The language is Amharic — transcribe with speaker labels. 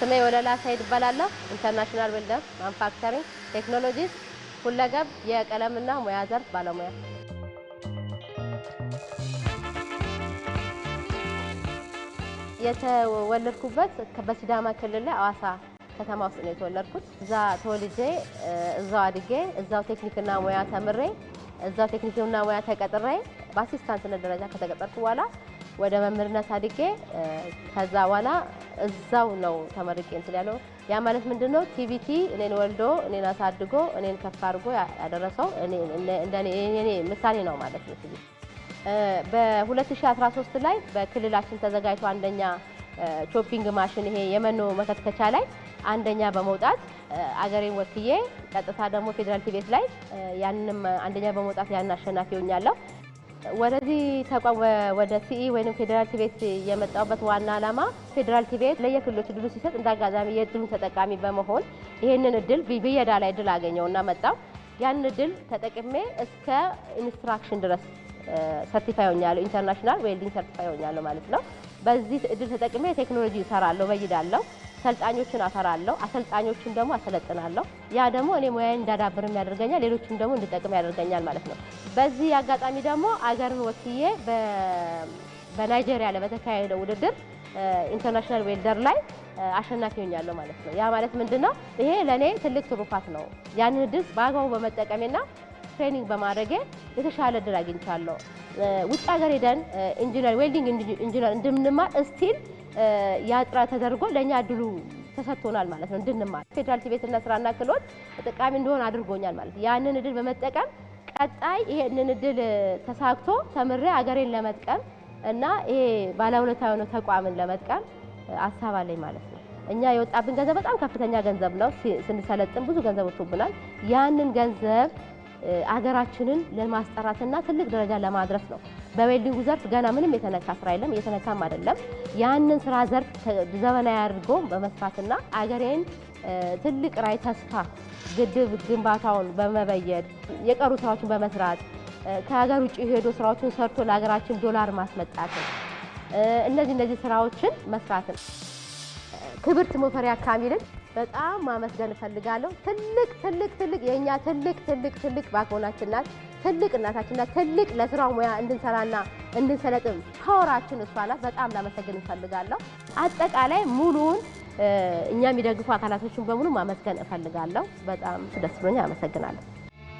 Speaker 1: ስሜ ወለላ ሳይድ ይባላለሁ። ኢንተርናሽናል ቢልደር ማንፋክቸሪንግ ቴክኖሎጂስ ሁለገብ የቀለምና ሙያ ዘርፍ ባለሙያ። የተወለድኩበት በሲዳማ ክልል ላይ አዋሳ ከተማ ውስጥ ነው የተወለድኩት። እዛ ተወልጄ እዛው አድጌ እዛው ቴክኒክና ሙያ ተምሬ እዛው ቴክኒክና ሙያ ተቀጥሬ በአሲስታንትነት ደረጃ ከተቀጠርኩ በኋላ ወደ መምህርነት አድጌ ከዛ በኋላ እዛው ነው ተመርቄ እንትን ያለው። ያ ማለት ምንድን ነው? ቲቪቲ እኔን ወልዶ እኔን አሳድጎ እኔን ከፍ አድርጎ ያደረሰው እኔ ምሳሌ ነው ማለት ነው። ቲቪቲ በ2013 ላይ በክልላችን ተዘጋጅቶ አንደኛ ቾፒንግ ማሽን ይሄ የመኖ መከትከቻ ላይ አንደኛ በመውጣት አገሬን ወክዬ ቀጥታ ደግሞ ፌዴራል ቲቤት ላይ ያንንም አንደኛ በመውጣት ያንን አሸናፊ ሆኛለሁ። ወደዚህ ተቋም ወደ ሲኢ ወይም ፌዴራል ቲቤት የመጣሁበት ዋና ዓላማ ፌዴራል ቲቤት ለየክልሎች እድሉ ሲሰጥ እንደ አጋጣሚ የእድሉን ተጠቃሚ በመሆን ይህንን እድል ብየዳ ላይ እድል አገኘውና መጣው ያን እድል ተጠቅሜ እስከ ኢንስትራክሽን ድረስ ሰርቲፋይ ሆኛለሁ። ኢንተርናሽናል ዌልዲንግ ሰርቲፋይ ሆኛለሁ ማለት ነው። በዚህ እድል ተጠቅሜ ቴክኖሎጂ እሰራለሁ በይዳለሁ። ሰልጣኞችን አፈራለሁ፣ አሰልጣኞችን ደግሞ አሰለጥናለሁ። ያ ደግሞ እኔ ሙያዬን እንዳዳብርም ያደርገኛል፣ ሌሎችም ደግሞ እንድጠቅም ያደርገኛል ማለት ነው። በዚህ አጋጣሚ ደግሞ አገርን ወክዬ በናይጄሪያ ላይ በተካሄደው ውድድር ኢንተርናሽናል ዌልደር ላይ አሸናፊ ሆኛለሁ ማለት ነው። ያ ማለት ምንድን ነው? ይሄ ለእኔ ትልቅ ትሩፋት ነው። ያንን ድል በአግባቡ በመጠቀሜና ትሬኒንግ በማድረጌ የተሻለ እድል አግኝቻለሁ። ውጭ ሀገር ሄደን ኢንጂነር ዌልዲንግ ኢንጂነር እንድንማር እስቲል ያ ጥረት ተደርጎ ለእኛ እድሉ ተሰጥቶናል ማለት ነው። እንድንማር ፌዴራል ትምህርትና ስራና ክህሎት ተጠቃሚ እንደሆን አድርጎኛል ማለት ያንን እድል በመጠቀም ቀጣይ ይሄንን እድል ተሳክቶ ተምሬ ሀገሬን ለመጥቀም እና ይሄ ባለውለታ የሆነ ተቋምን ለመጥቀም ሀሳብ አለኝ ማለት ነው። እኛ የወጣብን ገንዘብ በጣም ከፍተኛ ገንዘብ ነው። ስንሰለጥን ብዙ ገንዘብ ወጥቶብናል። ያንን ገንዘብ አገራችንን ለማስጠራትና ትልቅ ደረጃ ለማድረስ ነው። በዌልዲንጉ ዘርፍ ገና ምንም የተነካ ስራ የለም፣ እየተነካም አይደለም። ያንን ስራ ዘርፍ ዘመናዊ አድርጎ በመስራትና አገሬን ትልቅ ራይ ተስፋ ግድብ ግንባታውን በመበየድ የቀሩ ስራዎችን በመስራት ከሀገር ውጭ ሄዶ ስራዎችን ሰርቶ ለሀገራችን ዶላር ማስመጣትን እነዚህ እነዚህ ስራዎችን መስራትን ክብርት ሙፈሪያት ካሚልን በጣም ማመስገን እፈልጋለሁ። ትልቅ ትልቅ ትልቅ የእኛ ትልቅ ትልቅ ትልቅ ባክቦናችን ናት። ትልቅ እናታችን ናት። ትልቅ ለስራው ሙያ እንድንሰራና እንድንሰለጥም ፓወራችን እሷ ናት። በጣም ላመሰግን እፈልጋለሁ። አጠቃላይ ሙሉውን እኛ የሚደግፉ አካላቶችን በሙሉ ማመስገን እፈልጋለሁ። በጣም ደስ ብሎኛል። አመሰግናለሁ።